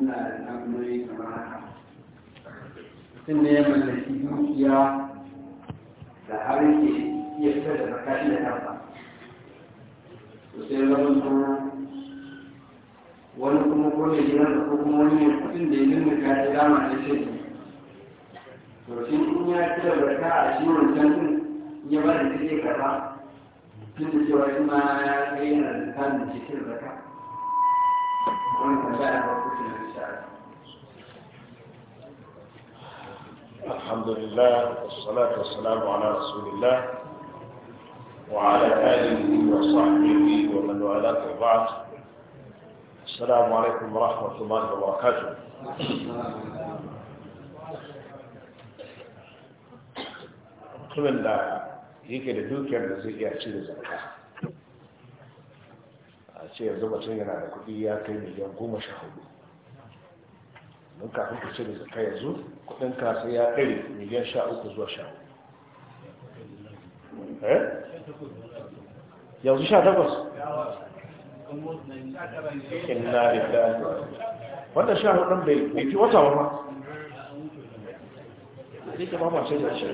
suna da tambayoyi kamar haka mutum ne ya mallaki dukiya da har yake iya fitar da tsakani da kansa to sai zama ko wani kuma ko ne gina da ko kuma wani ne kudin da ya nuna ka ya dama da shi to shi in ya ci da barka a shi wancan din ya ba da take kaza tun da cewa shi ma ya kai yana da tsarin cikin barka wannan tambaya ba kuke الحمد لله والصلاة والسلام على رسول الله وعلى آله وصحبه ومن والاه بعد السلام عليكم ورحمة الله وبركاته قبل لا يجد دوكر نزيجي أشير زكاة أشير زبطين على كبيرة مليون قوم شهدوا don kafin ce da zaka yanzu kudin ka sai ya kai miliyan sha uku zuwa sha eh? yanzu sha takwas da lillahi wannan sha hudun bai fi wata ba ma sai ba ma sai da shi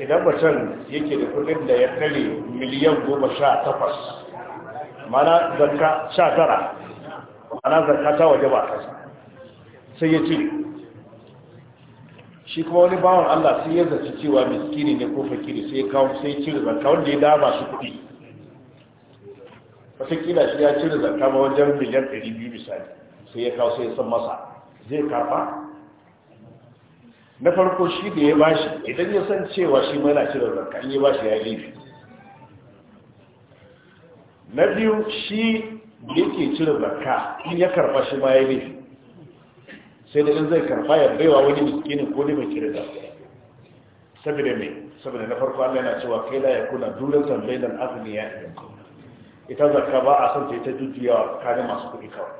idan mutum yake da kudin da ya kare miliyan goma sha takwas mana zarka sha tara mana zarka ta waje ba kasa sai ya ce shi kuma wani bawon allah sai ya zaci cewa miskini ne ko fakiri sai ya kawo sai cire zarka wanda ya dama masu kudi watakila shi ya cire zarka ma wajen miliyan 200 misali sai ya kawo sai ya san masa zai karba na farko shi da ya bashi idan ya san cewa shi mana cire zakka in ya bashi ya yi na biyu shi da yake cire zakka in ya karba shi ma ya yi sai da in zai karba ya baiwa wani mutum ko ne mai cire zakka saboda mai saboda na farko an yana cewa kai la tambayi da azumi ya minkum ita zakka ba a son ta yi ta jujjuyawa kane masu kuɗi kawai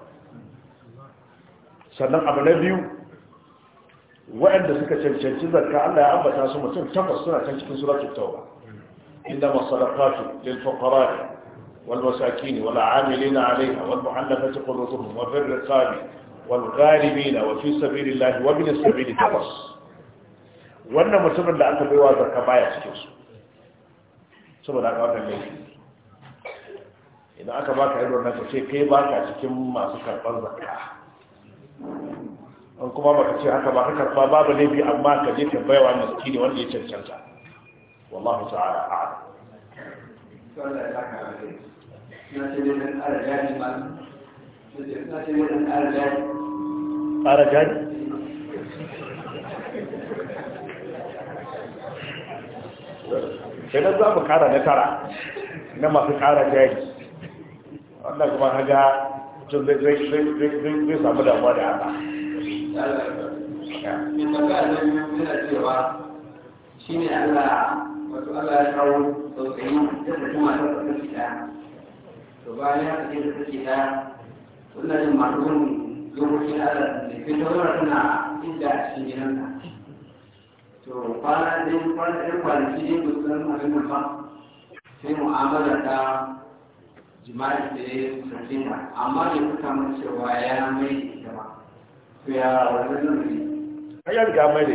sannan abu na biyu waɗanda suka cancanci zakka Allah ya ambata su mutum takwas suna can cikin suratul tauba inda masadaqatu lil fuqara wal masakin wal amilina alaiha wal mu'allafati qulubuhum wa fir riqabi wal ghalibin wa fi sabilillahi wa bin sabili takwas wannan mutumin da aka baiwa zakka baya cikin su saboda haka wannan laifi idan aka baka irin wannan ka ce kai baka cikin masu karɓar zakka an kuma baka ce haka ba ka karba babu laifi amma ka je tambaya bai wa miskini wanda ya cancanta wallahu ta'ala a'lam sallallahu za mu kara na tara na masu kara jari wannan kuma haga zai samu damuwa da haka mai tambaya da yana cewa shi ne Allah wato Allah ya kawo da ta tafi masu tsarki da to bayan ya tafi da tsarki da suna yin masu wani lokaci da Allah da ke taurara suna inda a cikin gidansa to kwana ɗin kwana ɗin kwanaki ɗin ba su san abin nan ba sai mu'amala ta jima'i da ya yi amma da kuka mun cewa ya mai a ya mai da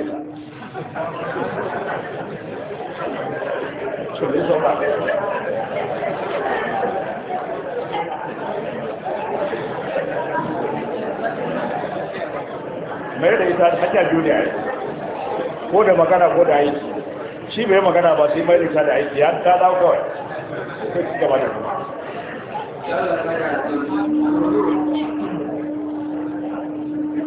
ita so ita duniya ne ko magana ko da aiki shi magana ba sai mai da ita aiki ya ta dawo kawai Ko ci gaba da kuma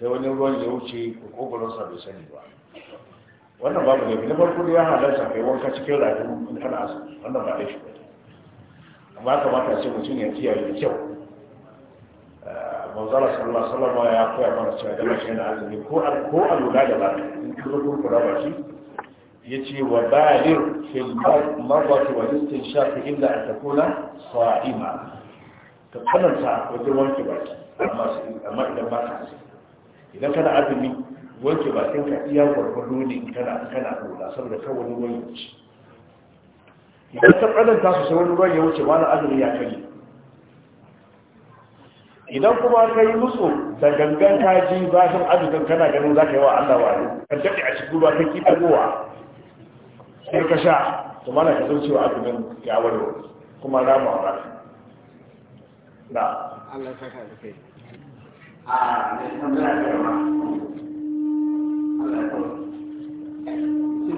sai wani ruwan ya wuce ko kokoronsa bai sani ba wannan babu ne na farko da ya halarta kai wanka cikin rayu in kana asu wannan ba laifi ba amma kamata ce mutum ya kiyaye da kyau eh, manzala sallallahu alaihi wasallam ya koya mana cewa da mace yana azumi ko al ko alula da baki in kuma kun kula ba shi yace wa balir fil marwati wal istinshaq illa an takuna sa'ima ka tsananta wajen wanke baki amma amma idan ba ka azumi idan kana azumi wanke bakin ka iya gwargwado ne kana kana dola saboda kan wani ruwan ya wuce idan ta su wani ruwan ya wuce wani azumi ya kai idan kuma ka yi musu da gangan kaji zafin azumin kana ganin za ka yi wa allah wani ka daɗe a cikin ruwa ka kiɗa ruwa sai ka sha to mana ka zauce wa azumin ya warware kuma rama wa rafi na Allah saka da kai Ah, eh, ya tambaya karama mutum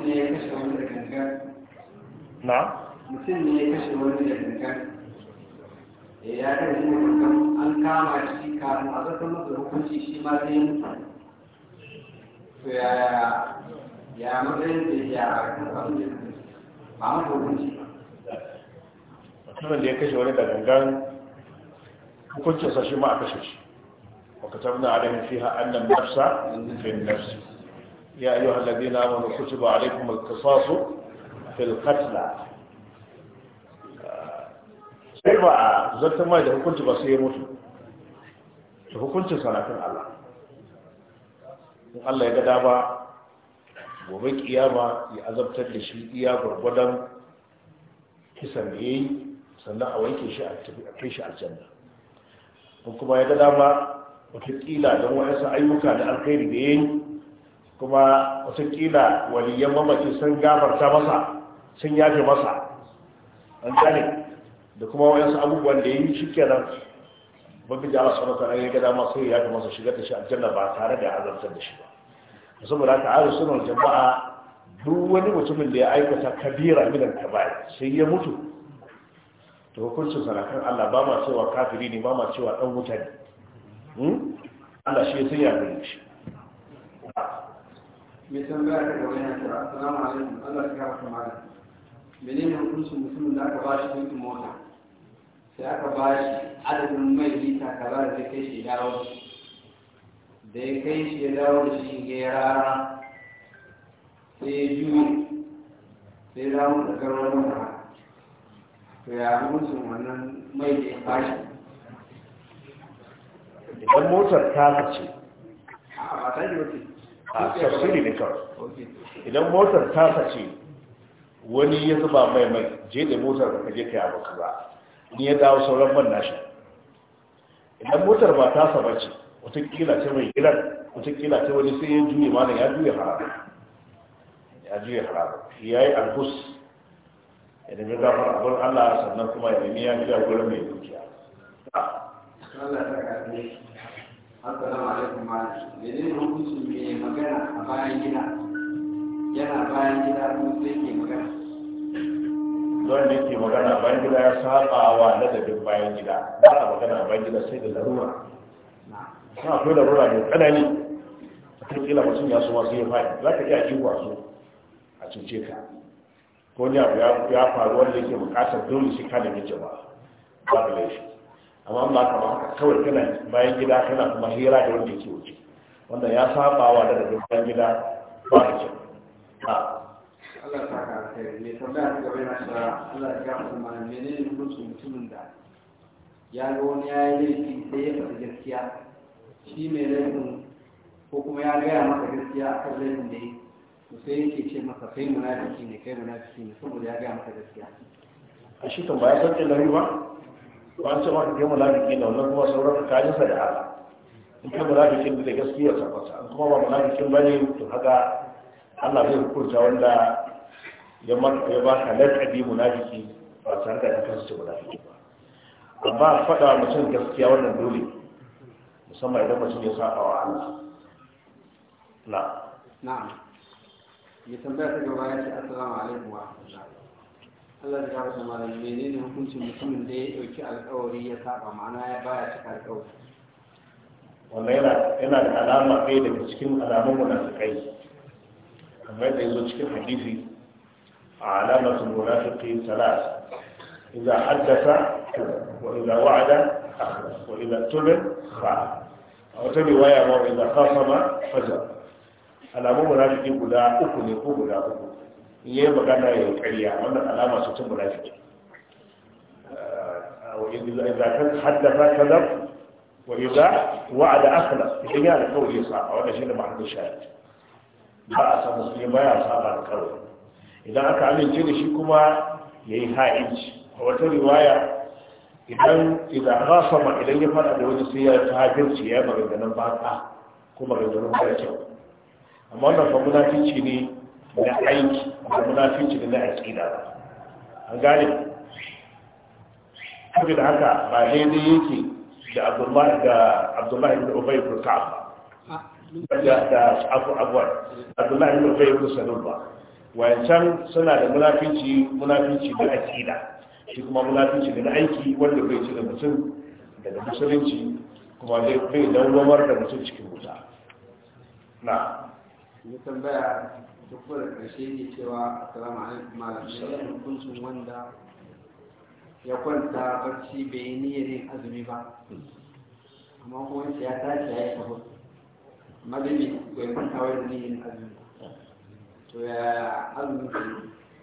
ne ya kashe wani da kankan na mutum ne ya kashe wani da kankan ya kashe ne kankan an kama shi kafin a zartar masa hukunci shi ma sai Ya to ya ya matsayin a ya kasance ba masa hukunci ba mutumin ya kashe wani da gangan hukuncinsa shi a kashe shi وكتبنا عليهم فيها أن النفس في النفس يا أيها الذين آمنوا كتب عليكم القصاص في القتلى sai ba a zartar mai da hukunci ba sai ya mutu da hukuncin sanafin Allah in Allah ya ga dama gobe kiyama ya azabtar da shi iya gwargwadon kisan da ya yi sannan a wanke shi a kai shi aljanna in kuma ya ga dama wataƙila don waɗansu ayyuka da alkhairi da yayi kuma wataƙila waliyan mamaki sun gafarta masa sun yafe masa an gane da kuma waɗansu abubuwan da yayi shi kenan babu da Allah subhanahu wa ta'ala ya ga dama sai yafe masa shiga da shi aljanna ba tare da azabtar da shi ba saboda haka ahlus sunan jama'a duk wani mutumin da ya aikata kabira minan kabair sai ya mutu to hukuncin sanakan Allah ba ma cewa kafiri ne ba ma cewa dan wuta ne hmm? Allah shi ya sanya da shi me san tambaya ka gaba yana cewa assalamu alaikum Allah ya kafa malam menene hukuncin mutumin da aka ba shi tukin mota sai aka ba shi adadin mai lita kaza da zai kai shi ya dawo da ya kai shi ya dawo da shi ya rara sai ya juyi sai ya dawo da garwar mota to ya hukuncin wannan mai da ya bashi idan motar ta ce a tafsiri ne kawai idan motar ta ce wani ya zuba mai mai je da motar ka je ka yi abu kaza ni ya dawo sauran man nashi idan motar ba tasa saba ce watakila ce mai gidan kila ta wani sai ya juye malam ya juye haramu ya juye haramu ya yi albus ya nemi gafar abin allah sannan kuma ya nemi ya gida gurin mai dukiya assalamu alaikum malam menene hukuncin mai magana a bayan gida yana bayan gida ko sai ke magana don da ke magana bayan gida ya saba wa ladabin bayan gida ba a magana bayan gida sai da larura sa akwai larura mai tsanani a kan kila mutum ya suma sai ya faɗi za ka iya ji kwaso a cuce ka ko ne abu ya faru wanda yake bukatar dole shi ka da mijin ba ba da laifi amma ba ka ba kawai kana bayan gida kana kuma hira da wanda yake wuce wanda ya saba wa da bayan gida ba da kyau ba Allah ta ka kai ne tambaya ta gaba yana cewa Allah ya ga kuma menene hukuncin mutumin da ya ga wani ya yi laifi sai ya faɗi gaskiya shi mai laifin ko kuma ya gaya masa gaskiya akan laifin da ya to sai yake ce masa kai munafiki ne kai munafiki ne saboda ya gaya masa gaskiya a shi kan ba ya san laifin ba to an ce ma ka kai munafiki na wannan kuma sauran kayan sa da haka in ka munafikin da gaskiya tabbata an kuma ba ba ne to haka Allah zai hukunta wanda ya ba ka lakabi mulafiki ba tare da ka kasance mulafiki ba amma faɗa mutum gaskiya wannan dole musamman idan mutum ya saba wa Allah na na'am Ya tambaya ta gaba ya ce assalamu alaikum wa rahmatullahi الله تعالى سمع المنين وكم سمع دي او كي القورية تابع معنا يا بايا تكا القورية وليلا انا الالام مقيدة بسكين الالام منافقين اما انت يزو تشكين حديثي علامة المنافقين ثلاث إذا حدث وإذا وعد أخلص وإذا تلب خاف أو تلي ويا ما خاصم فزع yi magana eh, ya karya wannan alama su cin munafiki إذا كان حدث كذب وإذا وعد أخلف إذن ya قول يصعب وأنا شيء ما da شاهد ba a san musulmi ba ya saba da karo idan aka amince da shi kuma ya yi ha'inci a wata riwaya idan idan sama idan ya fada da wani sai ya ta hajjirci ya maganganun baka ko maganganun da kyau amma wannan famunafici ne da aiki da munafinci da na aƙida ba an gane haka da haka ba daidai yake da abdullahi da abdullahi da ubay da da abu abwan abdullahi da ubay ibn ba wayancan suna da munafinci munafinci da aƙida shi kuma munafinci da na aiki wanda bai ci da mutum daga musulunci kuma da bai dawamar da mutum cikin wuta na tambaya Duk tukkura ƙarshe ne cewa assalamu alaikum malam ne hukuncin wanda ya kwanta barci bai yi niyyar yin azumi ba amma kuma ya tashi ya yi sahur amma dai bai koyi kwanta wani yin azumi to ya azumi ke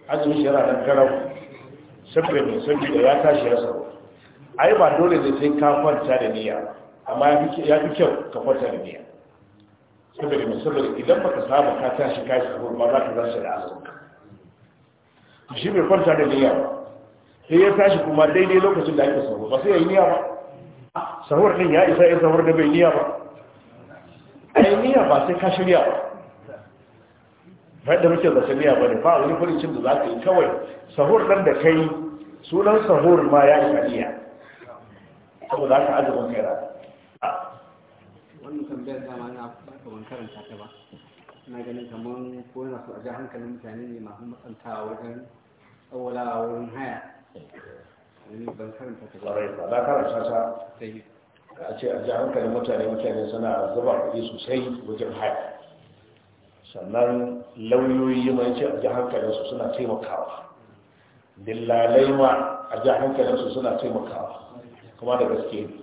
azumi shi yana nan garau sabbi mai sabbi da ya tashi ya sahur ai ba dole ne sai ka kwanta da niyya amma ya fi kyau ka kwanta da niyya saboda musamman idan baka saba ka tashi kashi abu ba za ka zashi da azurka shi bai kwanta da niyya ba sai ya tashi kuma daidai lokacin da ake sahur ba sai ya yi niyya ba sahur din ya isa ya sahur da bai niyya ba a yi niyya ba sai ka shirya ba fadda muke zace niyya ba ne fa wani furincin da za ka yi kawai sahur ɗan da kai sunan sahur ma ya isa niyya saboda haka azumin kai rana wannan tambayar dama na ban karanta ta ba ina ganin kamar ko yana so a ja hankalin mutane ne masu matsantawa wajen tsawalawa wurin haya ban karanta ta ba na karanta ta a ce a ja hankalin mutane mutane suna zuba kuɗi sosai wajen haya sannan lauyoyi mai ce a hankalin hankalinsu suna taimakawa dillalai ma a hankalin hankalinsu suna taimakawa kuma da gaske ne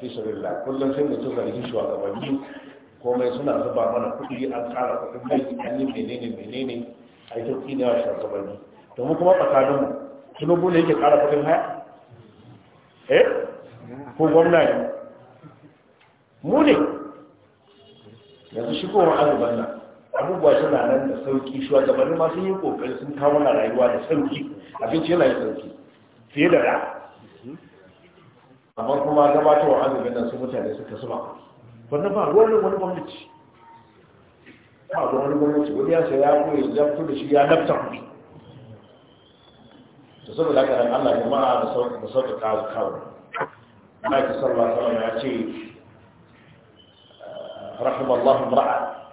fi sabilillah kullum sai mutum zargi shugabanni komai suna zuba mana kuɗi an tsara kuɗin mai an yi menene menene a yi tafi da shugabanni mu kuma mu tunubu ne yake tsara kuɗin haya eh ko gwamna ne mu ne yanzu shigowar azuban nan abubuwa suna nan da sauki shugabanni ma sun yi kokari sun kawo na rayuwa da sauki abinci yana yi sauki fiye da da amma kuma an azumin nan su mutane suka suma wannan ba ruwan wani gwamnati ba ruwan wani gwamnati wani ya ya koyi ya fito da shi ya nafta kuɗi da saboda haka dan Allah jama'a da sauka kawo kawo Mike ya ce ah, rahimallahu mar'a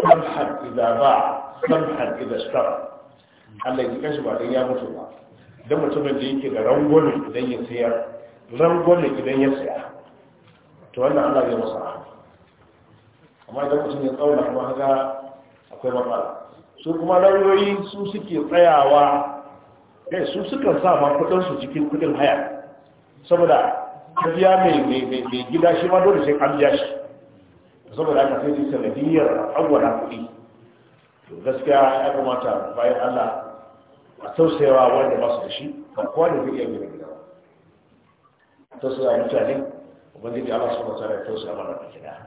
samhan idza ba'a samhan idza ishtara Allah ya kashi ba dan ya mutu ba mutumin da yake da rangwame ya sayar rangwame gidan ya saya to wannan allah ya masa amma idan mutum ya tsauna kuma haka akwai matsala su kuma lauyoyi su suke tsayawa kai eh, su suka sa ma su cikin kudin haya saboda biya mai gida shi ma dole sai kan biya shi saboda aka sai su sanadiyar agwada kuɗi to gaskiya ya kamata bayan allah a tausayawa wanda ba su da shi ba kowa da zai iya gina توسل على المتعلم وبدي الله سبحانه وتعالى توسل على الله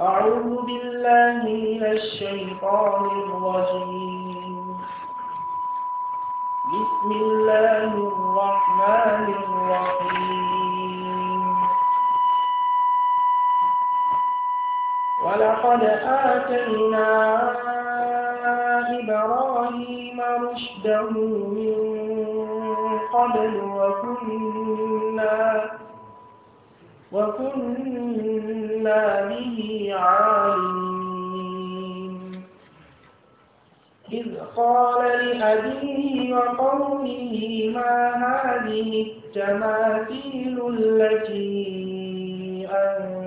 أعوذ بالله من الشيطان الرجيم بسم الله الرحمن الرحيم ولقد آتينا إبراهيم رشده من قبل وكنا وكنا به عالمين إذ قال لأبيه وقومه ما هذه التماثيل التي أنت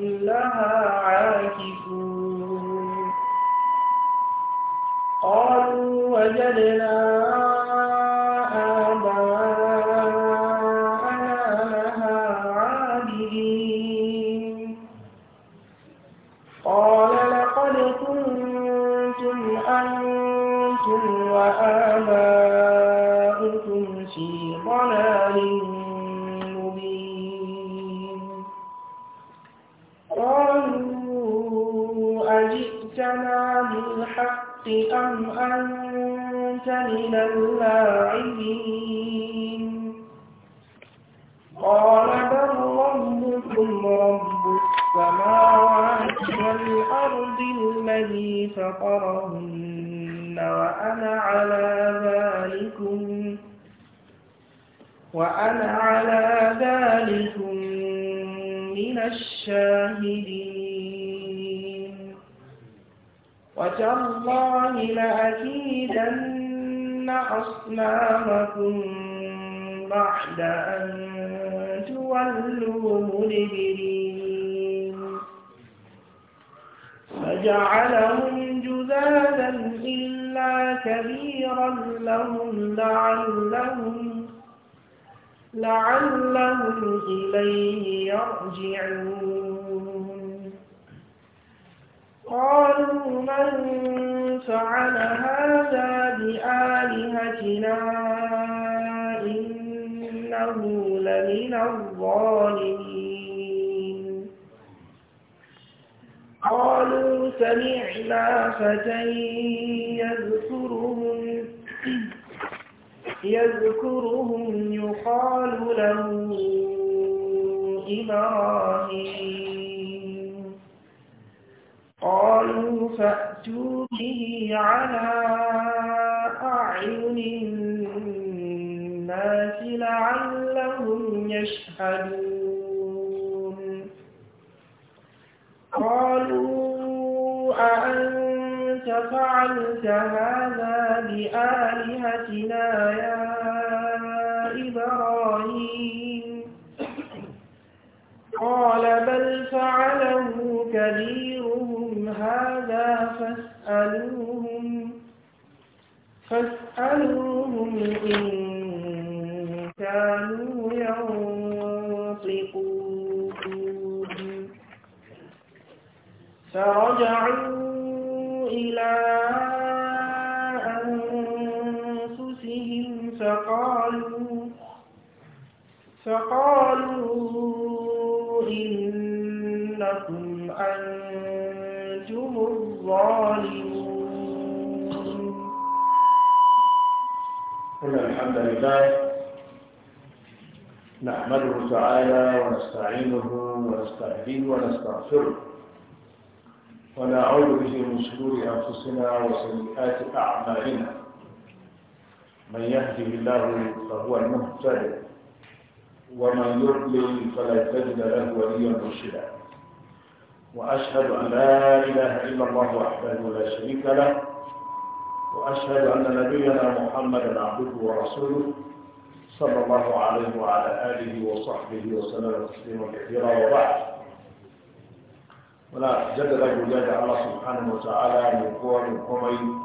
لها عاكفون قالوا وجدنا الشاهدين وتالله لأكيدن أصنامكم بعد أن تولوا مدبرين فجعلهم جذاذا إلا كبيرا لهم لعلهم لعلهم إليه يرجعون يرجعون قالوا من فعل هذا بآلهتنا إنه لمن الظالمين قالوا سمعنا فتى يذكرهم يذكرهم يقال له إبراهيم قالوا فأتوا به على أعين الناس لعلهم يشهدون قالوا أأنت فعلت هذا بآلهتنا يا إبراهيم قال بل فعله كبيرهم هذا فاسألوهم فاسألوهم إن كانوا ينطقون فرجعوا إلى أنفسهم فقالوا فقالوا إنكم أنتم الظالمون إن الحمد لله نحمده تعالى ونستعينه ونستهديه ونستغفره ونعوذ به من شرور أنفسنا وسيئات أعمالنا من يهده الله فهو المهتد ومن يضلل فلا تجد له وليا مرشدا وأشهد أن لا إله إلا الله وحده لا شريك له وأشهد أن نبينا محمدا عبده ورسوله صلى الله عليه وعلى آله وصحبه وسلم تسليما كثيرا وبعد ولا جدد جد الله سبحانه وتعالى من قوى من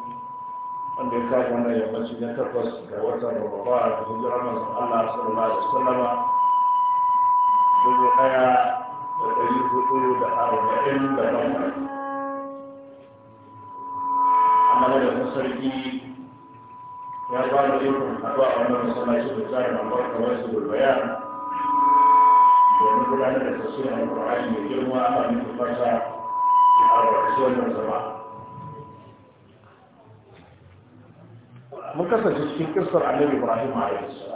أن يكافئنا يوم يمسي نتفس كوتر رمضان هجرة الله صلى الله عليه وسلم dubu ɗaya da ɗari hudu da arba'in da bakwai amma da sarki ya ba da ikon haɗuwa a wannan masallaci da tsarin albarka wasu gulbaya domin gudanar da tasirin alƙur'ani mai girma a kan fasa a albarkaci wannan zama mun kasance cikin kisar annabi ibrahim a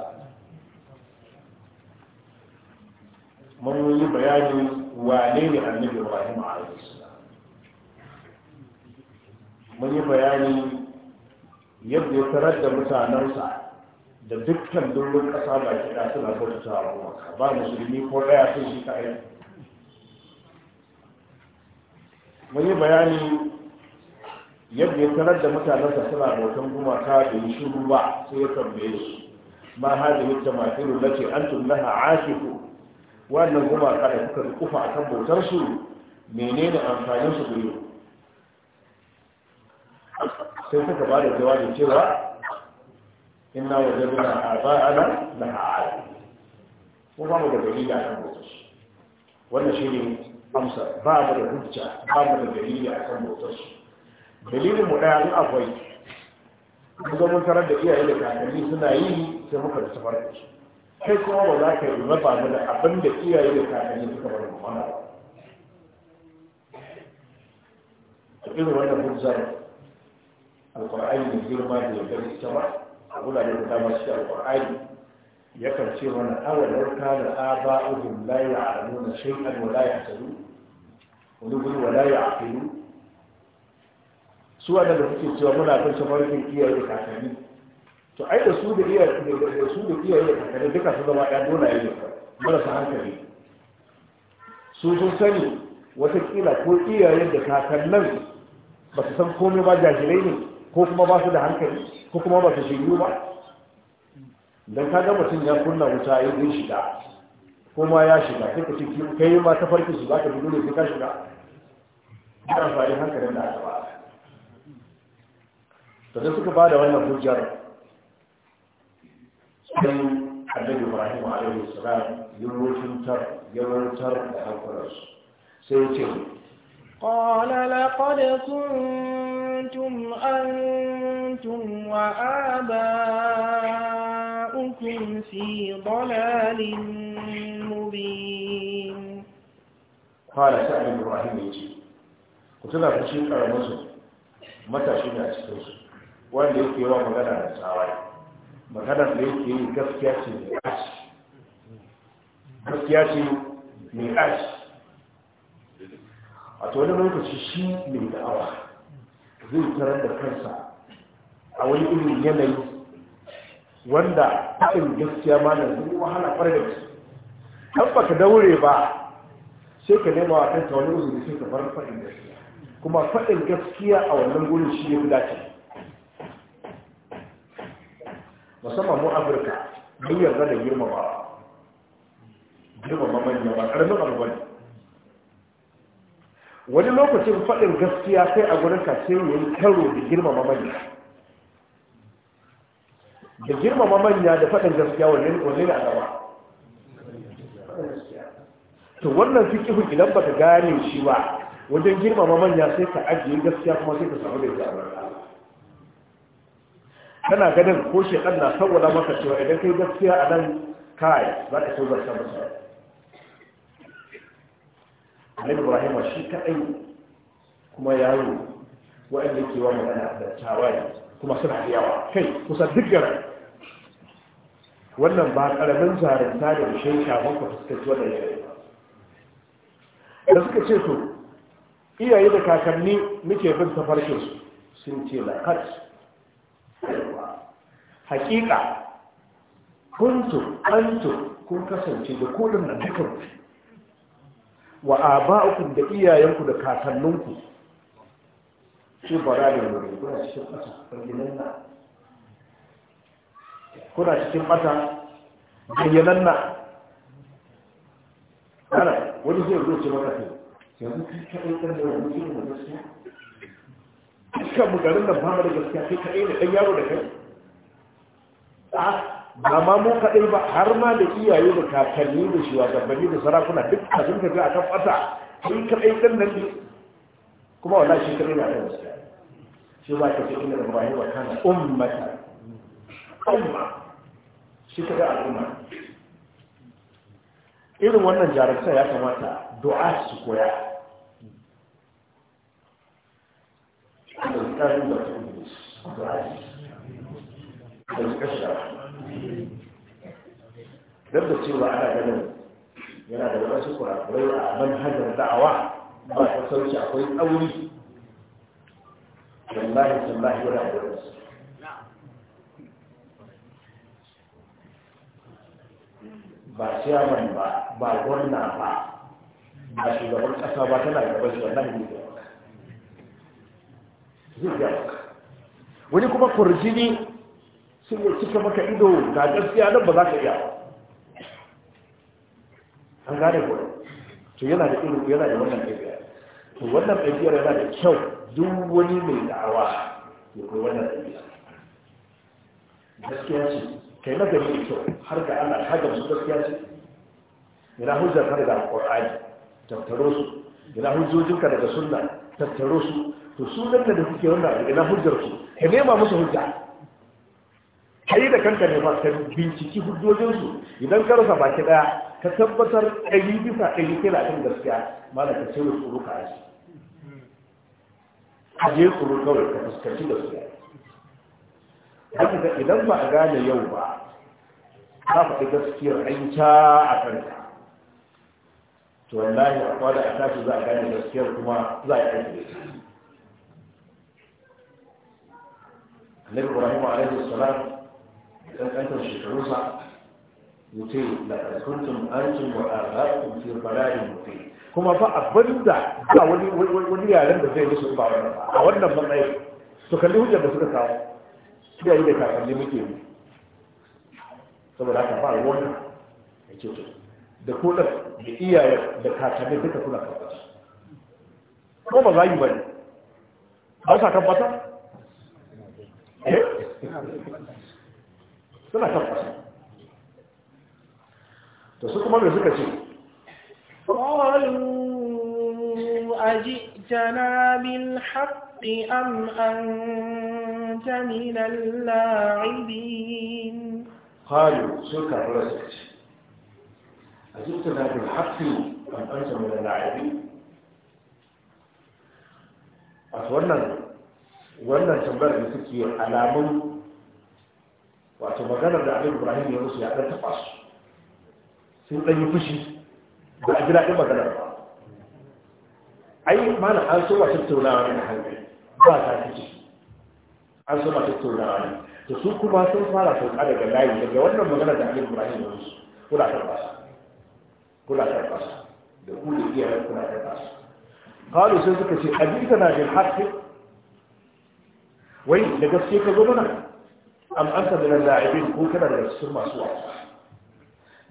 mun yi bayani wane ne annabi ibrahim alaihi mun yi bayani yadda ya tarar da mutanensa da dukkan dubbin ƙasa ba da suna bauta a ba musulmi ko ɗaya sun shi kayan mun yi bayani yadda ya tarar da mutanensa suna bautan gumaka da yi shuru ba sai ya tambaye su ma hada yadda mafiru lake an tun laha ashiku wannan gumaka da kuka kufa akan bautar su menene amfanin su biyu sai suka ba da jawabi cewa inna wajadna aba'ana da ha'ala ko ba mu da dalili akan bautar su wannan ne amsa ba mu da hujja ba mu da dalili akan bautar su dalilin mu daya in akwai mun tarar da iyaye da kakanni suna yi sai muka da safar da kai kuma ba za ka yi raba mu da abin da iyaye da kakanni suka bar mana ba irin wannan hujjar alƙur'ani mai girma da ya gari ita ba a wurare da dama shi alƙur'ani yakan ce mana awalar ka da aba'uhum la ya'lamuna shay'an wa la yahtadun wani guri wa la ya'qilun su wanda da suke cewa muna kan shafarkin iyaye da kakanni to ai da su da iya da su da iya da kakare duka su zama ɗan dole ne marasa hankali su sun sani watakila ko iyayen da kakannin ba su san komai ba jajirai ne ko kuma ba su da hankali ko kuma ba su shiryu ba dan ka ga mutum ya kunna wuta ya zai shiga ko ma ya shiga sai ka ci kai ma ta farki su za ka bi dole sai ka shiga ba amfani hankalin da aka ba da suka ba da wannan hujjar sai annabi ibrahim alaihi salam ya rutuntar ya rutuntar da hankulansu sai ce قال لقد كنتم أنتم وآباؤكم في ضلال مبين قال سعد إبراهيم يجي قلت لك شيء على مصر متى شئنا أسكنسوا وأن يكفي ومغنى da السعوات maganar da yake yi gaskiya ce mai ƙashi gaskiya ce mai ƙashi a tsohon lokaci shi mai da'awa zai tarar da kansa a wani irin yanayi wanda haɗin gaskiya ma na zai wahala ƙwarar da su kan ba ka daure ba sai ka nema wa kanta wani uzuri sai ka bar faɗin gaskiya kuma faɗin gaskiya a wannan gurin shi ya fi dace musamman mu afirka mun yarda da girmama girmama manya ba karamin abu bane wani lokacin faɗin gaskiya sai a gurin kasiru yin karo da girmama manya da girmama manya da faɗin gaskiya wanne ne a gaba to wannan fikihun idan ta gane shi ba wajen girmama manya sai ka ajiye gaskiya kuma sai ka samu da ita a kana ganin ko shekan na saboda maka cewa idan kai gaskiya a nan kai za ka so zarta musu annabi ibrahim shi kadai kuma yaro wa'anda ke wa magana da tawaye kuma suna da yawa kai kusa duk gara wannan ba karamin jarinta da bishin shafon ka fuskanci wannan yi. da suka ce to iyaye da kakanni muke bin tafarkinsu sun ce kat. haƙiƙa kuntu antu kun kasance da kodin nan dukan wa aba'ukum da iyayenku da kakanninku su bara da wuri kuna cikin ƙasa bayyanan na kuna cikin ƙasa bayyanan na ana wani zai zo ce maka yanzu kai kaɗai ɗan da wani zai da gaskiya dukkan mu garin nan ba mu da gaskiya kai kaɗai da ɗan yaro da kai ba ma mu kaɗai ba har ma da iyaye da kakanni da shugabanni da sarakuna duk a sun tafi a kan fata sun kaɗai ɗan nan ne kuma wala shi kaɗai na kan wasu shi ba ka cikin inda da bayan wa kan ummata umma shi kaɗai al'umma irin wannan jarumta ya kamata du'a su koya da tsarin da ta su da suka duk da cewa ana ganin yana da wasu kurakurai a manhajar da'awa ba ta sauci akwai tsauri wallahi sallahi yana da wasu ba ciyaman ba ba gwamna ba ba shugaban kasa ba tana gaban shi wannan ne zai ga wani kuma kurjini sun yi cika maka ido ga gaskiya nan ba za ka iya an gane kuwa to yana da irin yana da wannan ɗabi'a to wannan ɗabi'ar yana da kyau duk wani mai da'awa ya kai wannan ɗabi'a gaskiya ce kai na gari da kyau har ga Allah har ga su gaskiya ce ina hujjar har ga Qur'ani tattaro su ina hujjojinka daga sunna tattaro su to sunan da kuke wannan ina hujjar su ka nema musu hujja kai da kanka ne ba ka binciki hujjojinsu idan ka rasa baki daya ka tabbatar ɗari bisa ɗari kai kira kan gaskiya malam ka ce da tsoro ka yi ka je tsoro kawai ka fuskanci gaskiya haka idan ba a gane yau ba ka faɗi gaskiyar an ca a kanka to wallahi a kwada a tashi za a gane gaskiyar kuma za a yi aiki da ita annabi ibrahim alaihi salam kankantar shekarunsa wuce da kankuntun arcin wa arhaƙun fi fararin wuce kuma fa abin da ba wani yaren da zai musu ba a wannan matsayin to kalli hujjar da suka kawo suka yi da kakanni muke yi saboda haka ba a ruwan da ke da kudin da iyaye da kakanni duka kuna kawo Kuma ba za yi ba ne ba sa kan mata? eh? suna tabbas to su kuma da suka ce أجئتنا بالحق أم أنت من اللاعبين قالوا سكر رزقت أجئتنا بالحق أم أنت من اللاعبين أتولى wannan tambayar da suke wato maganar da abin ibrahim ya musu ya ɗan taɓa su sun ɗan yi fushi ba a ji daɗin maganar ba ai mana an so ba tattaunawa ne hankali ba ta ciki an so ba tattaunawa ne to su kuma sun fara sauka daga layi daga wannan maganar da abin ibrahim ya musu Kuna karɓa su Kuna karɓa su da ku da iyayen kula karɓa su قالوا سيدك سيد Wai da gaske ka zo mana? am anta min al-la'ibin ko kana da cikin masu wasa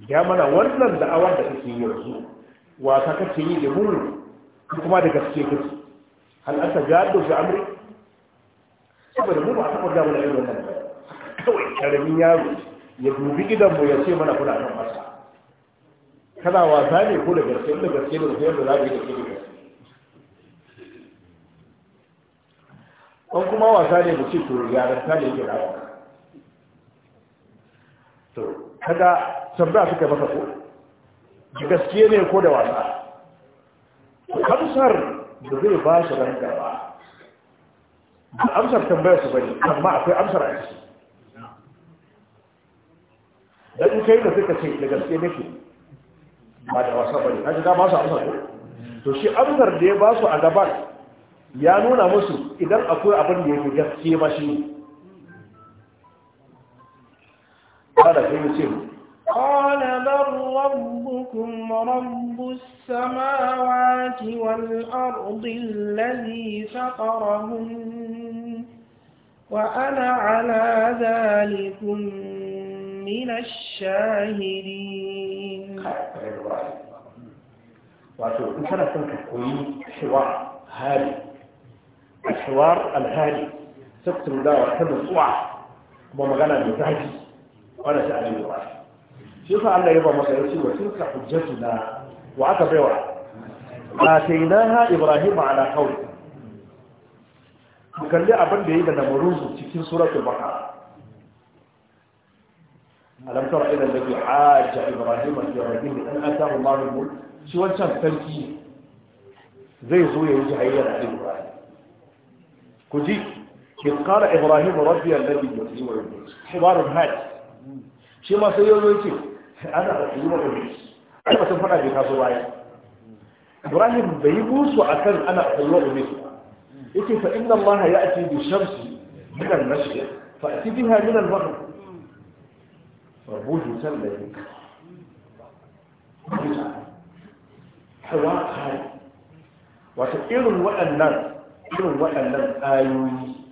ya mana wannan da'awar da kake yi yanzu wasa kake yi da mun kuma da gaske ka hal anta jaddu fi amri saboda mu ba a taɓa gamu da irin wannan kawai karamin yaro ya dubi idan mu ya ce mana kuna kan wasa kana wasa ne ko da gaske da gaske ne gaske da za ka yi da gaske an kuma wasa ne mu ce to yaran ta ne da rawa to kaga tambaya suka masa ko gaskiye ne ko da wasa amsar da zai ba shi ran gaba amsar tambaya su bane amma akwai amsar a ciki da in kai da suka ce da gaske ke. ba da wasa bane kaji da ba su amsar ko to shi amsar da ya ba su a gaban ya nuna musu idan akwai abin da ya fi gaske ba shi قال فيمسيه قال بل ربكم رب السماوات والأرض الذي فقرهم وأنا على ذلك من الشاهدين وأسوه إنسانة تنكوي حوار هالي الحوار الهالي سكتم دا وحمد صوح ومغانا مزاجي wanda shi annabi ba shi sa Allah ya ba masa yace wa tilka hujjatuna wa aka baiwa atainaha ibrahim ala qawli kalli abin da yayi da namruzu cikin suratul baqara alam tara ila alladhi hajja ibrahim fi rabbih an ataahu allah al-mulk shi wancan sarki zai zo ya yi hayya da ibrahim ku ji إذ قال إبراهيم ربي الذي يحيي ويميت حوار هادي shi ma sai yau yake ana da kuma da shi ana sun fada bai kaso baya Ibrahim bai yi musu akan ana kuma da shi yake fa inna Allah ya'ti bi shamsi min al-mashriq fa ati biha min al-maghrib rabbuhu sallallahu hawa kai wato irin waɗannan irin waɗannan ayoyi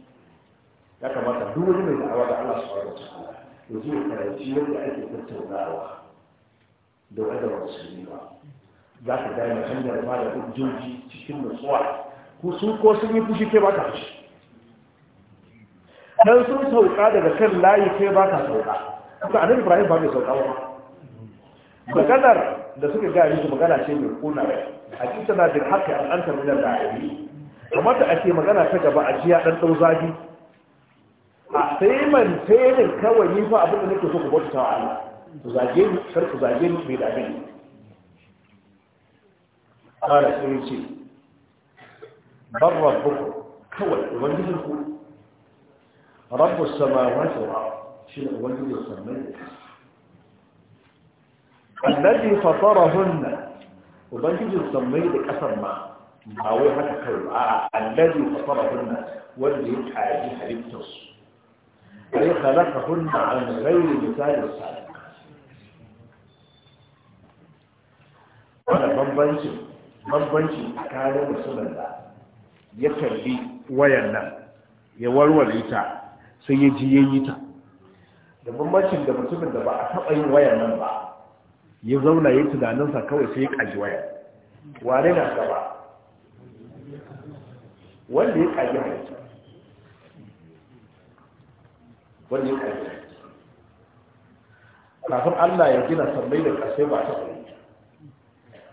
ya kamata duk wani mai da'awa da Allah su ba su. ya zo karanci yadda ake tattaunawa da wadda musulmi ba za ka gane hanyar ma da hujjoji cikin nutsuwa ko sun ko sun yi fushi kai ba ka fushi dan sun sauka daga kan layi kai ba ka sauka kuma annabi ibrahim ba mai sauka ba maganar da suka gaya musu magana ce mai kuna cikin na da haka al'antar min al-da'i kamar da ake magana ta gaba a jiya dan dau zabi a sai man kawai yi fa abin da nake so ku bauta wa Allah ku zage ni kar ku zage ni bai da ni kara sai ce bar rabbuku kawai ubangijin ku rabbus samawati wa shi ne ubangijin sammai alladhi fatarahunna ubangijin sammai da kasar ma ba wai haka kai ba a alladhi fatarahunna wanda ya أي خلقهن عن غير مثال السابق wanda بمبنشي بمبنشي tsakanin رسول da ya karbi wayan nan ya warware ta sai ya ji ta da bambancin da mutumin da ba a taɓa yin wayannan nan ba ya zauna ya tunaninsa kawai sai ya ƙaji wayan ware na gaba wanda ya ƙaji wanda ya ƙarfi kafin Allah ya gina sammai da ƙasai ba ta ƙari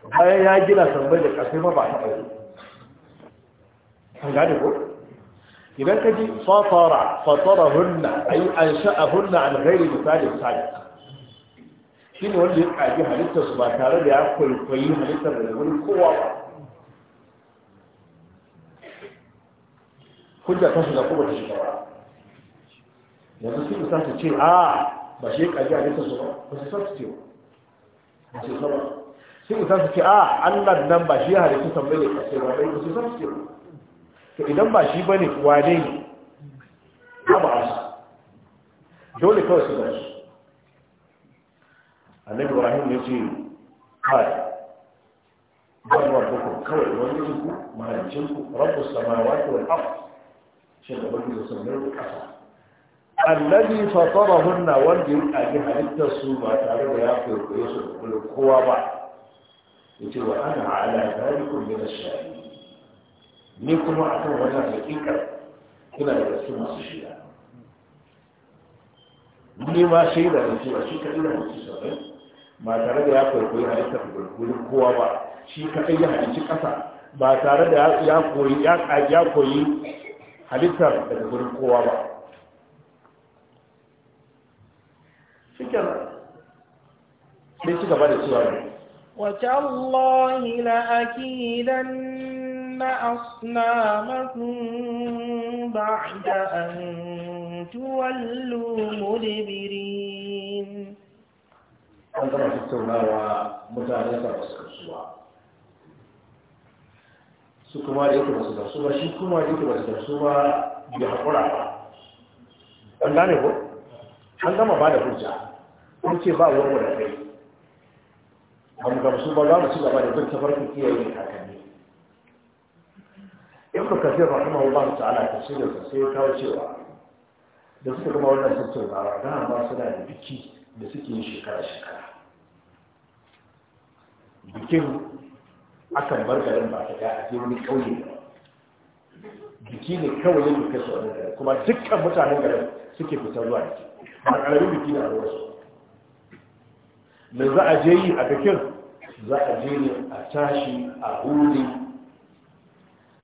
bayan ya gina sammai da ƙasai ba ba ta ƙari an gane ko idan ka ji fatara fatara hunna ay an sha'a hunna an ghairi misali misali shine wanda ya ƙaji halittar su ba tare da ya kwaikwayi halittar da wani kowa ba hujja ta shiga ko ba ta shiga ba yanzu su isa su ce a ba shi kaji a nesa su ba ba su san ce ba su ba su isa su ce a allah nan ba shi hari su tambayi da kasai ba ba su san ce ba to idan ba shi ba ne wane ne ba ba su dole kawai su ba su annabi ibrahim ne ce kai ban boko kawai wani ku rabu samawa samawati wani abu shi da wani da sanar da kasa allazi fatarahunna wanda ya kaji halittar su ba tare da ya kwaikwaye su da kowa ba yace wa ana ala zalikum min ash-shahid ni kuma akan wannan hakikar ina da cikin masu shida ni ma shaida da ba shi kadai da mutum sabai ba tare da ya kwaikwayi halittar gurgurin kowa ba shi kadai ya halicci kasa ba tare da ya koyi halittar daga gurin kowa ba shikenan sai ci gaba da cewa وتالله لأكيدن أصنامكم بعد أن تولوا مدبرين an gama tattaunawa mutane ba wasu kasuwa su kuma da yake ba su kasuwa shi kuma da yake ba su kasuwa bai haƙura ba an gane ko an gama ba da hujja kun ce ba warware kai ba mu gamsu ba za mu ci gaba da bin tafarkin iyayen kakanni in ba kafin rahimahullah ta'ala ta ce da sai ya kawo cewa da suka gama wannan tattaunawa da ba suna da biki da suke yin shekara-shekara bikin akan bar garin ba ta ga a je wani ƙauye ba biki ne kawai yake kashe wani kuma dukkan mutanen garin suke fitar zuwa ne, ba ƙarfin biki na ruwa su da za a je yi a kakin za a je ne a tashi a huli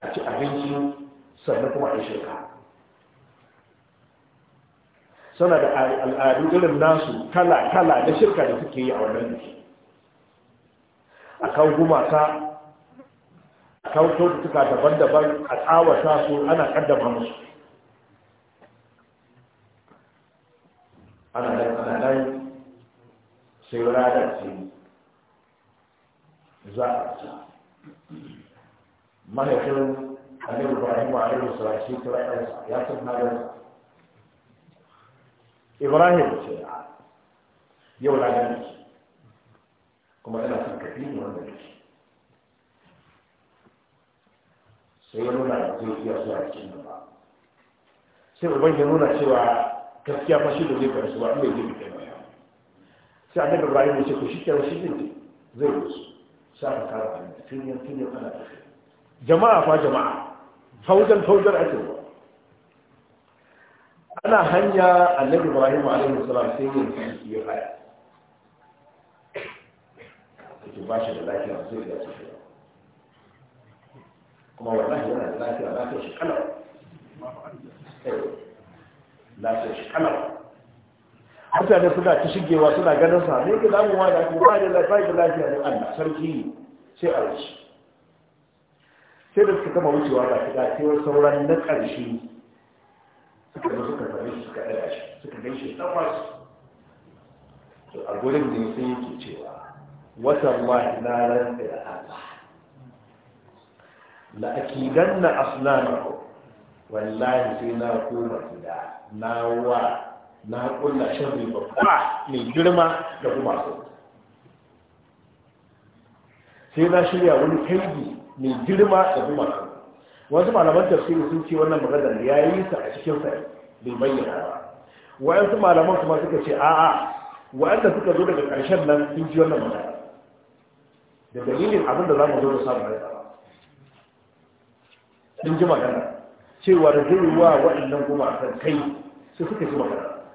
a ci abinci sannan kuma a shirka suna da al'adu irin nasu kala-kala da shirka da suke yi a wannan biki a kan gumaka a kan kyautuka daban-daban a tsawata su ana kaddama musu ana da ana sai ranar ce za a ci mahaifin annabi ibrahim a alaihi salatu shi kira ɗansa ya san halin ibrahim ce yau na gani kuma ina son kafi ne wanda ne sai ya nuna da zai iya zuwa cikin gaba sai uban ya nuna cewa gaskiya fashi da zai karsu ba inda zai bi kai baya سعد بن ابراهيم ليس كشيك ولا شيء منه زي بس سعد خالد بن فيني فيني وانا جماعة جماعه فوزا فوزا عجوبة أنا هنيا النبي إبراهيم عليه الصلاة والسلام في يوحي تباشر الله كي أرزيك يا سيدي كما والله لا تشك أنا لا تشك أنا mutane suna ta shigewa suna ganin sa ne ke damuwa da ku ba da lafiya da lafiya ne Allah sarki sai a wuce sai da suka kama wucewa ba ta gafewar sauran na ƙarshe suka zo suka zame shi suka ɗaya shi suka gan shi ɗan wasu to a gurin da sai yake cewa watan ma na ran da Allah la'akidan na aslamahu wallahi sai na koma gida na wa na kulla sharri babba mai girma da kuma su sai na shirya wani kaidi mai girma da kuma su wasu malaman tafsiri sun ce wannan maganar ya yi sa a cikin sa bai bayyana ba wa'ansu malaman kuma suka ce a'a wa'anda suka zo daga ƙarshen nan sun ji wannan magana da dalilin abin da za mu zo da samu rai sun ji magana cewa da zai yi wa waɗannan gumasan kai su suka ji magana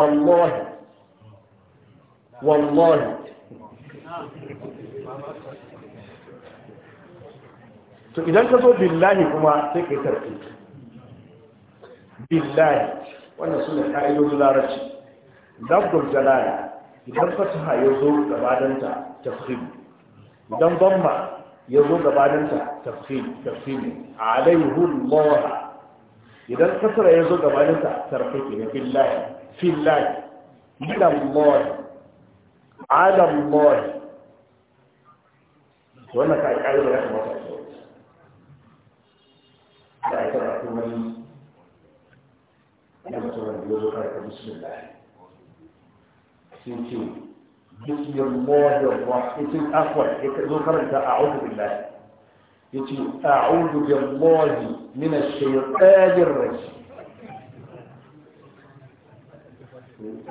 wallahi wallahi to idan ka zo billahi kuma sai ka yi tarfi billahi wannan suna ƙa'idodin larabci lafdul jalala idan fasaha ya zo gabadanta tafsir idan Bamba ya zo gabadanta tafsir tafsir alaihu allaha idan kasara ya zo gabadanta tarfi ne billahi في الله من الله على الله وانا كان قايل لك ما لا تكون لم تكن يوزك بسم الله سنتي بسم الله الرحمن عفوا ذكرت اعوذ بالله يتي اعوذ بالله من الشيطان الرجيم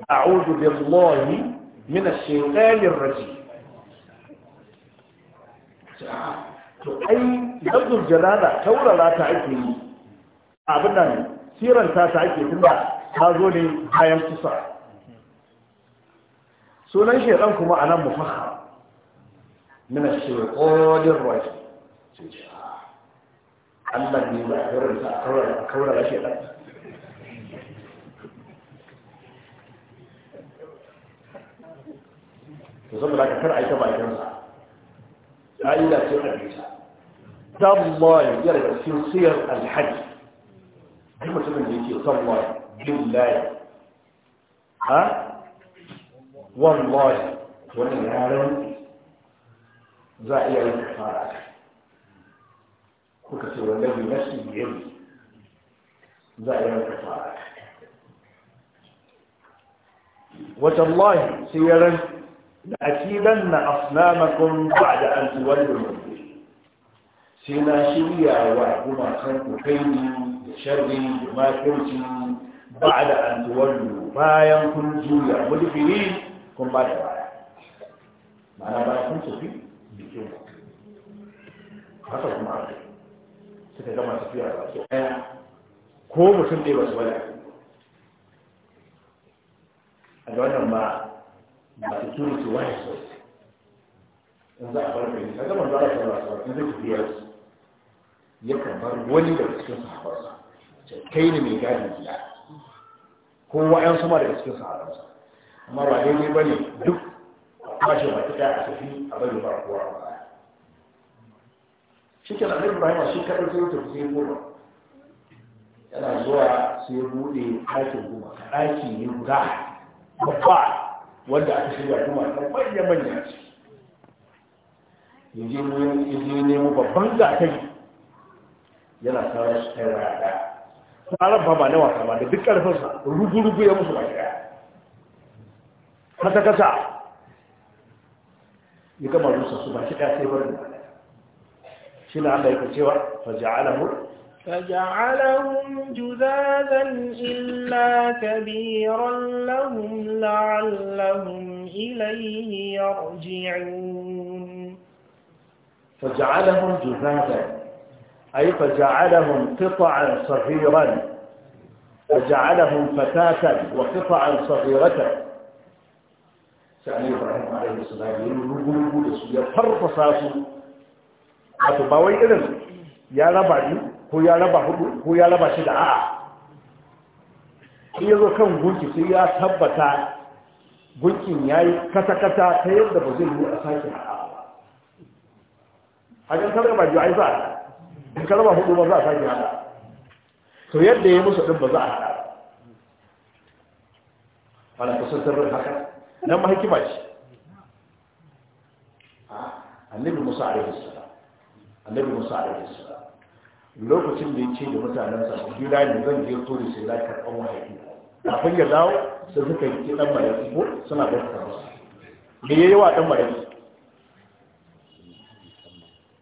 a'udhu billahi min ash-shaytanir rajim to ai lafzul jalala taurara ta ake yi abin nan siranta ta ake tunda ta zo ne bayan kusa sunan shaidan kuma anan mufakha min ash-shaytanir rajim Allah ne ba ya rantsa kaurara kaurara shaidan to saboda ka kar a yi ta bakinsa ka'ida ce a bisa tallahi yana da cikin siyar alhaji duk mutumin da yake tallahi billahi ha wallahi wannan yaran za a iya yin kafara kuka ce wallahi nashi biyar za a iya yin kafara wata Allah sai ya rantsi da ake dan na asnamakon ba da an tuwallo sai na shirya wa gumakan ku da sharri da makarci ba da an tuwallo bayan kun juya mulkini kun ba da baya mana ba kun tafi da kyau haka kuma aka suka gama tafiya ba su ko mutum ɗaya ba su bala a ga wannan ba ba security wani sosai in za a bar mai nisa zaman zara sauran sauran in zai tafiya su ya kamar wani daga cikin sahabarsa ce kai ne mai gadin gida ko wa'yan sama daga cikin sahabarsa amma ba daidai ba ne duk kwashe ba ta a tafi a bari ba kowa ba shi ke nan ibrahim shi kaɗai sai tafi sai goma yana zuwa sai buɗe ɗakin goma ɗaki ne guda babba wanda aka shirya kuma ta manya manya ce yaje ne nemo babban gatari yana tsara su kai rada ɗaya tsarar ba ba na wasa ba da duk ƙarfinsa rugu-rugu ya musu baki ɗaya kasa-kasa ya gama rusa su shi ɗaya sai barin shi na aka yi cewa fa ja'ala mu فجعلهم جذاذا إلا كبيرا لهم لعلهم إليه يرجعون فجعلهم جذاذا أي فجعلهم قطعا صغيرا فجعلهم فتاتا وقطعا صغيرة سعني إبراهيم عليه السلام يقول يقول يقول يقول يقول يقول يقول يقول يقول يقول ko ya raba hudu ko ya raba shi da a'a in ya zo kan gunki sai ya tabbata gunkin ya yi kasa-kasa ta yadda ba zai yi a sake haɗawa ba a kan kan ba jiwa ai za a in kan raba hudu ba za a sake haɗa to yadda ya musu ɗin ba za a haɗa ba na kusan sirrin haka nan ma hikima ce ah, annabi musa alaihi salam annabi musa alaihi salam lokacin da ya ce da mutanensa su jira ne zan je to da sai na karɓar mahaifi kafin ya dawo sai suka yi ɗan malaki ko suna bauta masa me ya yi wa ɗan malaki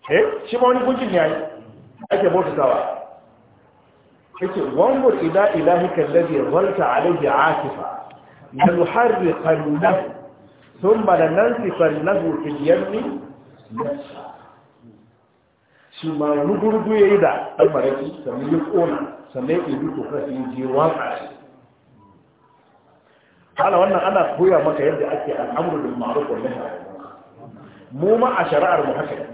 eh shi ma wani gunjin ya yi ake bautatawa yake wangur ila ilahi alladhi zalta alayhi akifa la nuharriqannahu thumma lanansifannahu fil yammi nafsa shi ma rugurugu ya yi da almaraki sannan ya kona sannan ya ɗebi kokar yi je watsa shi ana wannan ana koya maka yadda ake al'amuru da ma'aruf wallahi mu ma a shari'ar mu haka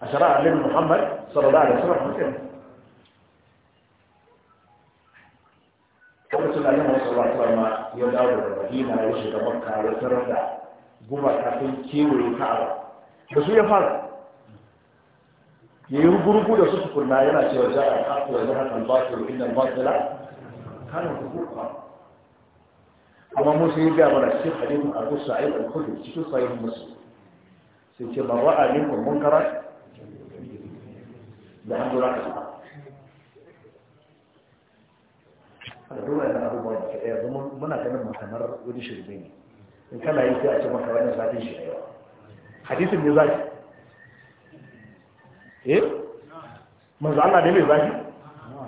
a shari'ar nabi Muhammad sallallahu alaihi wasallam haka kuma sun alim sallallahu alaihi wasallam ya dawo da Madina ya shiga Makka ya tarar da guba kafin kai kewaye Ka'aba da su ya fara yayin gurgu da su tukunna yana cewa za a haku da zahar albashiru inda kan kana ba amma musu yi gaba na cikin hadin abu sa'id da kudu cikin sahihin musu sai ce ba wa'a ne kun munkara da an dora ka a dole yana abubuwa da kaɗaya zama muna ganin makamar wani shirme ne in kana yi sai a ce maka wani zafin shi a yawa hadisin ne zafi eh manzo Allah ne mai zafi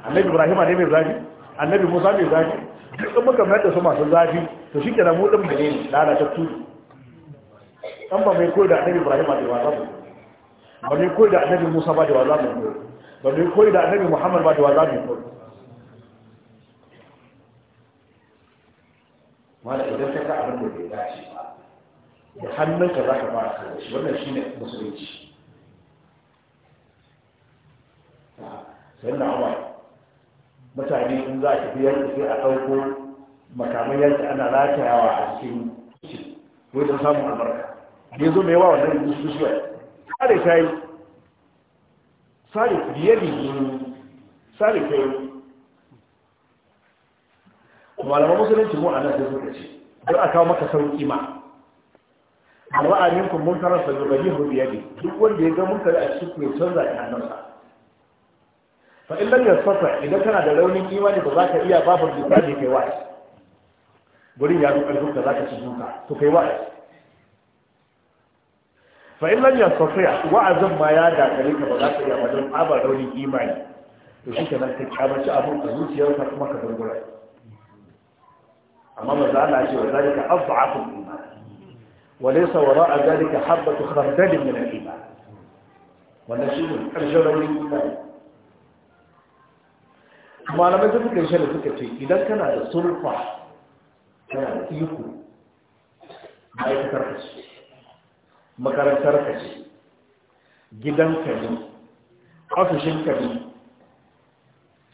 annabi Ibrahim ne mai zafi annabi Musa mai zafi duk muka mai da su masu zafi to shi kenan mu din bane lalata tudu an ba mai koyi da annabi Ibrahim da wa zamu ba mai koyi da annabi Musa ba da wa zamu ba mai koyi da annabi Muhammad ba da wa zamu wanda idan ka ga abin da bai dace ba da hannunka za ka fara kai wannan shine musulunci sai umar mutane in za a tafi yanki sai a ɗauko makamai yanki ana ratayawa a cikin shi wai don samun albarka ne zo mai wa wannan gususuwa sare ta yi sare biyar yi sare ta yi malaman musulunci mu a nan sai suka ce don a kawo maka sauƙi ma a a mun karanta zuba yi hudu yadda duk wanda ya ga munkar a cikin canza a hannunsa fa in lam yastata idan kana da raunin imani ba za ka iya babu duka da kai wa? gurin ya zuƙar duka za ka ci duka to kai wa? fa in lam yastata wa'azin ma ya dakare ka ba za ka iya ba don abar raunin imani to shi kenan ka kyamaci abin a zuciyarka kuma ka gurgura amma maza Allah ce wa zalika adha'afu iman wa laysa wara'a zalika habatu khardal min al-iman wannan shi ne karshen raunin imani malamai ta suka shi da suka ce idan kana da sulfa kana da iko ma'aikatar ka ce makarantar ka ce gidan ka ne ofishin ka ne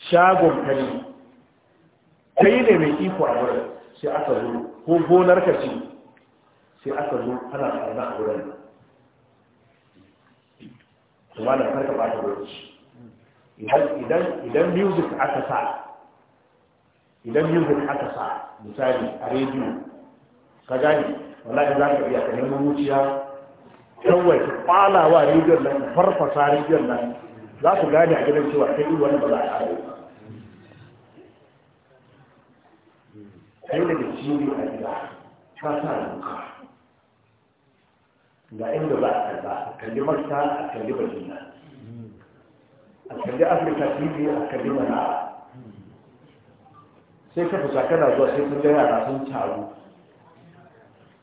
shagon ka ne kai ne mai iku a wurin sai aka zo ko gonar ka ce sai aka zo ana tsarna a wurin to malam karka ba ta wurin shi. idan idan idan music aka sa idan music aka sa misali a radio ka gani wallahi za ka iya ka nemo kawai ka kwalawa radio nan farfasa radio nan za ku gane a gidan cewa kai wani ba za a ƙara kai daga cibi a gida ka sa doka ga inda za a karba a kalli makta a kalli bajina da afirka tv a kaduna na sai ka fusa kana zuwa sai kun ga na sun taru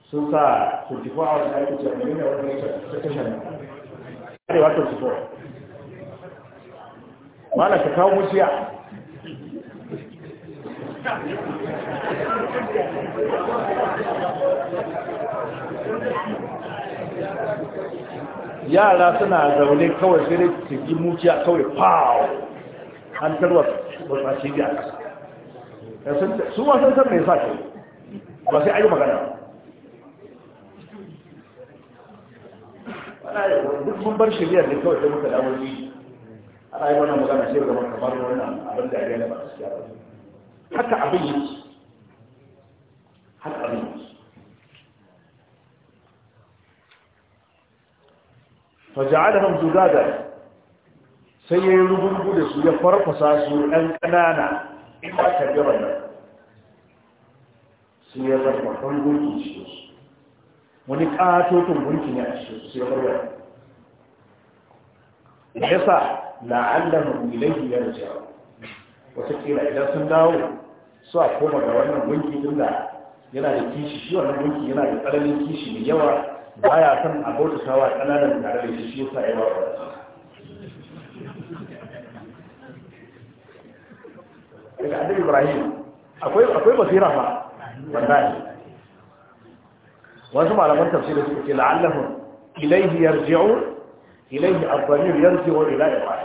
sun sa 24 hours a ce jami'ai na wani ta arewa 24 mana ka kawo musiya Thank yara suna zaune kawai sai dai su yi a kawai pow an tarwa ba shi da su ma san san mai sa ke ba sai ayi magana duk mun bar shirya ne kawai sai muka dawo yi a yi wannan magana sai gaba kamar wannan abin da ya ba a ba haka abin yi haka abin faja'alahum zugada sai ya rubutu da su ya farfasa su ɗan ƙanana in ba ta gaba da sai ya zama kan gunki shi su wani ƙatoton gunki ne a cikin su sai ya farwa da yasa la'allahu ilaihi yarja wata kila idan sun dawo su a koma ga wannan gunki din da yana da kishi shi wannan gunki yana da tsananin kishi mai yawa baya san a bauta sawa kananan tare da shi yasa yawa daga annabi ibrahim akwai akwai basira fa wallahi wasu malaman tafsiri suka ce la'allahu ilayhi yarji'u ilayhi ad-damir yarji'u ila ba.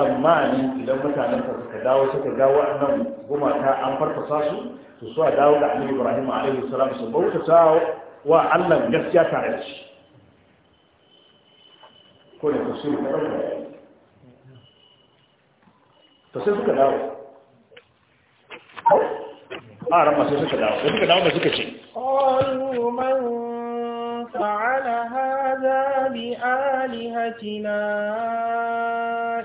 amma ni idan mutanen ka suka dawo suka ga wa'annan gumata an farfasa su to su a dawo ga annabi ibrahim alaihi salam su bauta sawa wa Allah gaskiya tare da shi ko da tafsiri ta ɗauka to sai suka dawo a ramma sai suka dawo da suka dawo da suka ce qalu man fa'ala hadha bi alihatina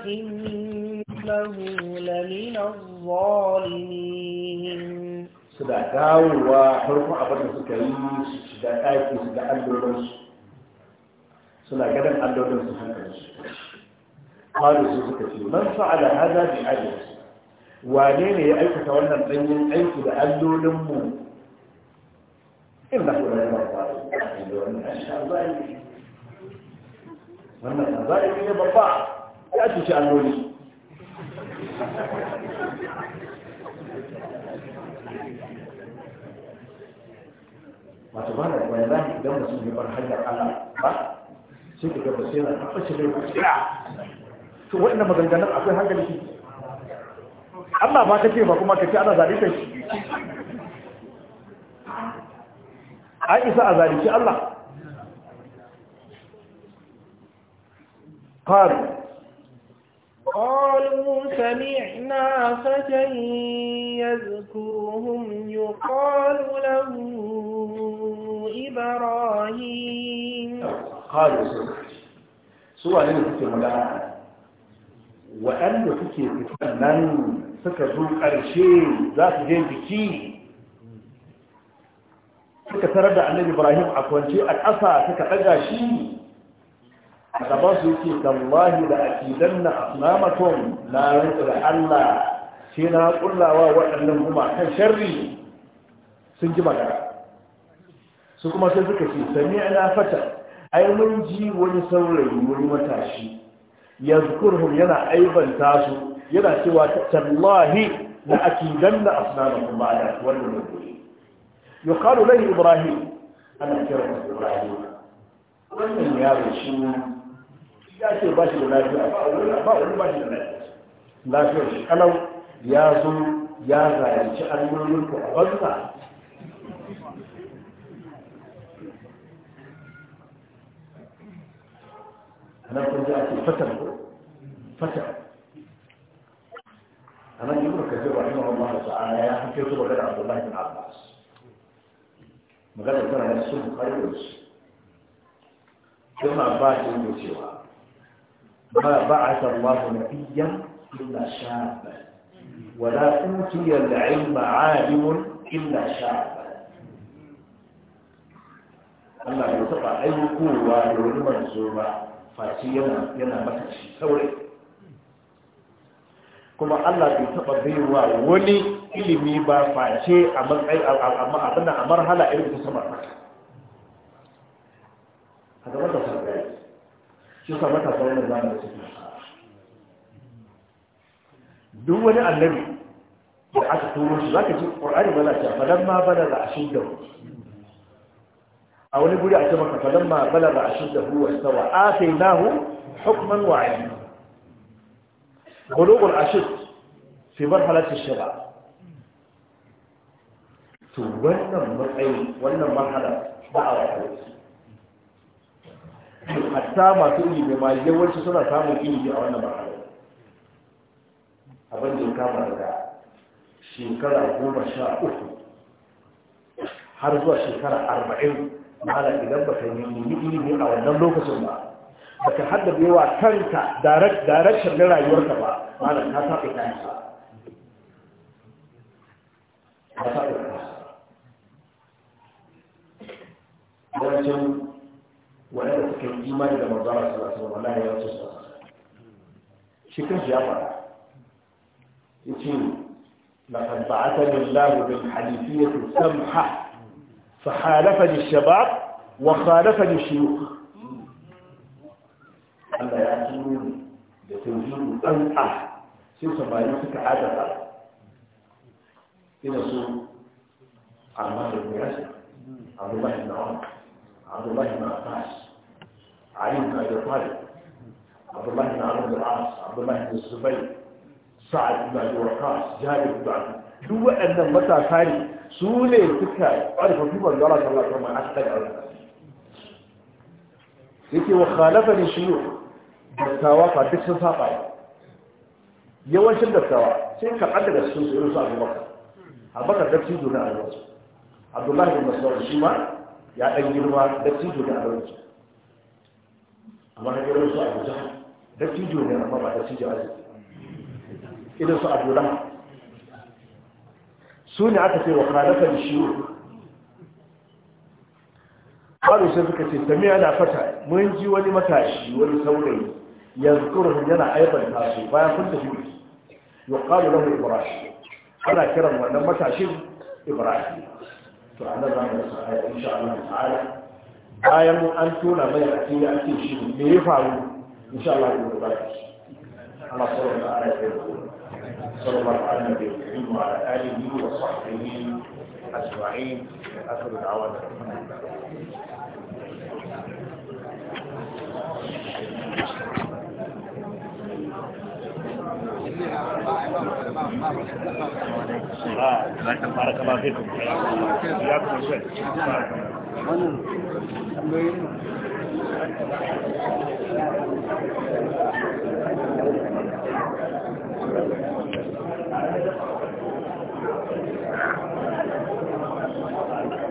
innahu lamina adh-dhalimin suka dawo wa farko abin da suka yi shiga ɗaki su ga allolinsu suna ganin allolinsu hankalinsu kwaru su suka ce man fa'ala hada bi ajiyarsu wane ne ya aikata wannan ɗanyen aiki da allolinmu inda kuma yana faru da wannan shazari wannan shazari ne babba ya cuci alloli wato ba da wani zaki idan ba su bar hanyar Allah ba sai ka gaba sai na shi da ku tsira to wannan maganganun akwai hankali shi Allah ba ka ce ba kuma ka ce ana zalunta shi an isa a zalici Allah Faru. قالوا سمعنا فتى يذكرهم يقال qalu su wane ne magana waɗanda kuke fitan nan suka zo ƙarshe za su je biki suka tarar da annabi ibrahim a kwance a ƙasa suka ɗaga shi a gaban su yake tallahi da aƙidan na asnamaton na rinsu da allah sai na ƙullawa waɗannan kuma kan sharri sun ji magana su kuma sai suka ce sami ana fata ai mun ji wani saurayi wani matashi yazkurhum yana aibanta su yana cewa tallahi a akidanna asnamakum ba'da wannan Ya yuqalu lahu ibrahim ana kira ibrahim wannan ya yaro shi ya ce ba shi da lafiya ba wani ba shi da lafiya lafiyar shi kalau ya zo ya zayarci al'ummar ku a banza أنا كنت أتي فتح فتح أنا يقول كثير رحمه الله تعالى يا حكي يطلب غير عبد الله بن عباس مغلق كان نفسه مقرر ثم عباس بن سواه ما بعث الله نبيا إلا شابا ولا أوتي العلم عالم إلا شابا أما يتقى أي قوة يولم الزوبة faci yana masa mata shi saurayi kuma Allah bai taba baiwa wani ilimi ba face a matsayi a abin a marhala irin ta sama a gaban da sargari shi sa mata sauran da suke duk wani annabi da aka turo shi ka ji qur'ani mana za ta fadan ma bada da da a wani guri a ce maka falamma balaga sai na hu hukman wa ilma bulugul ashud fi shi ba. to wannan matsayi wannan mahala ba a wata hatta masu ilimi ma yawanci suna samun ilimi a wannan mahala abin da ya kama daga shekara goma sha uku har zuwa shekara arba'in mala idan ba ka yi ilimi a wannan lokacin ba ba ka haddabe wa kanka direction na rayuwarka ba mala ka saba ta yi ka saba ta yawancin waɗanda suka yi imani da manzara su da su wala yawancin su shi kan shi ya faɗa ya ce لقد بعثني الله بالحنيفية السمحة فحالفني الشباب وخالف الشيوخ الله يعزوني بتوجيه أن أحد سوى ما يمسك عادة إلى سوء عمار بن ياسر عبد الله بن عمر عبد الله بن عباس علي بن أبي طالب عبد الله بن عمرو بن العاص عبد الله بن الزبير سعد بن أبي وقاص جابر بن عبد دو أن متى ثاني سوني تكاي أعرف في من قال الله تعالى أشتاق أعرف yake wa khalafa ne shi dattawa fa duk sun saba yawancin dattawa sai ka daga cikin su irin su abubakar abubakar da cizo na alwasu abdullahi bin masarau shi ma ya ɗan girma da cizo A alwasu amma na irin su abuja da cizo ne amma ba da cizo arziki idan su abdullahi su ne aka ce wa khalafa ne shi قالوا سيدك na فتى mun ji wani matashi wani saurayi yanzu yana aibar tasu bayan sun tafi ya kalu lahu ibrahim ana kiran wannan matashin ibrahim to ana za mu sa ayat insha Allah ta'ala bayan an tona mai a cikin ake shi me ya faru insha Allah ku ba Allah sallallahu alaihi wa sallam sallallahu alaihi wa alihi wa sahbihi أجمعين آخر دعوانا الحمد لله wannan tambayoyin